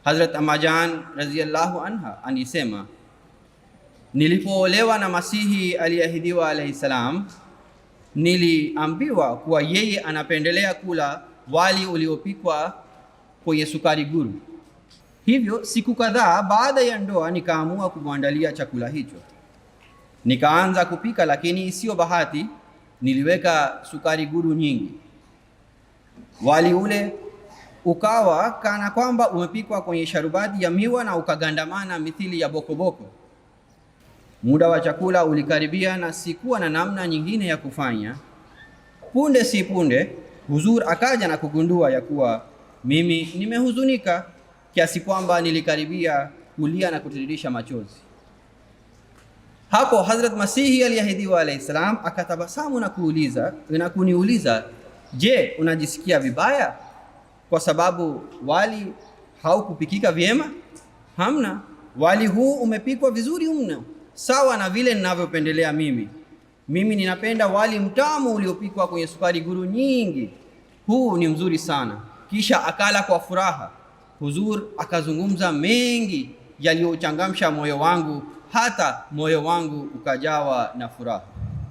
Hazrat Amajan radhiyallahu anha anisema nilipoolewa na Masihi aliyeahidiwa alayhi salam, niliambiwa kuwa yeye anapendelea kula wali uliopikwa kwenye sukari guru. Hivyo siku kadhaa baada ya ndoa nikaamua kumwandalia chakula hicho. Nikaanza kupika, lakini isiyo bahati niliweka sukari guru nyingi. Wali ule ukawa kana kwamba umepikwa kwenye sharubati ya miwa na ukagandamana mithili ya bokoboko. Muda wa chakula ulikaribia na sikuwa na namna nyingine ya kufanya. Punde si punde, Huzur akaja na kugundua ya kuwa mimi nimehuzunika kiasi kwamba nilikaribia kulia na kutiririsha machozi. Hapo Hazrat Masihi aliahidiwa alayhi salam akatabasamu na kuuliza na kuniuliza, je, unajisikia vibaya? kwa sababu wali haukupikika vyema, hamna. Wali huu umepikwa vizuri mno, sawa na vile ninavyopendelea mimi. Mimi ninapenda wali mtamu uliopikwa kwenye sukari guru nyingi, huu ni mzuri sana. Kisha akala kwa furaha. Huzur akazungumza mengi yaliyochangamsha moyo wangu, hata moyo wangu ukajawa na furaha.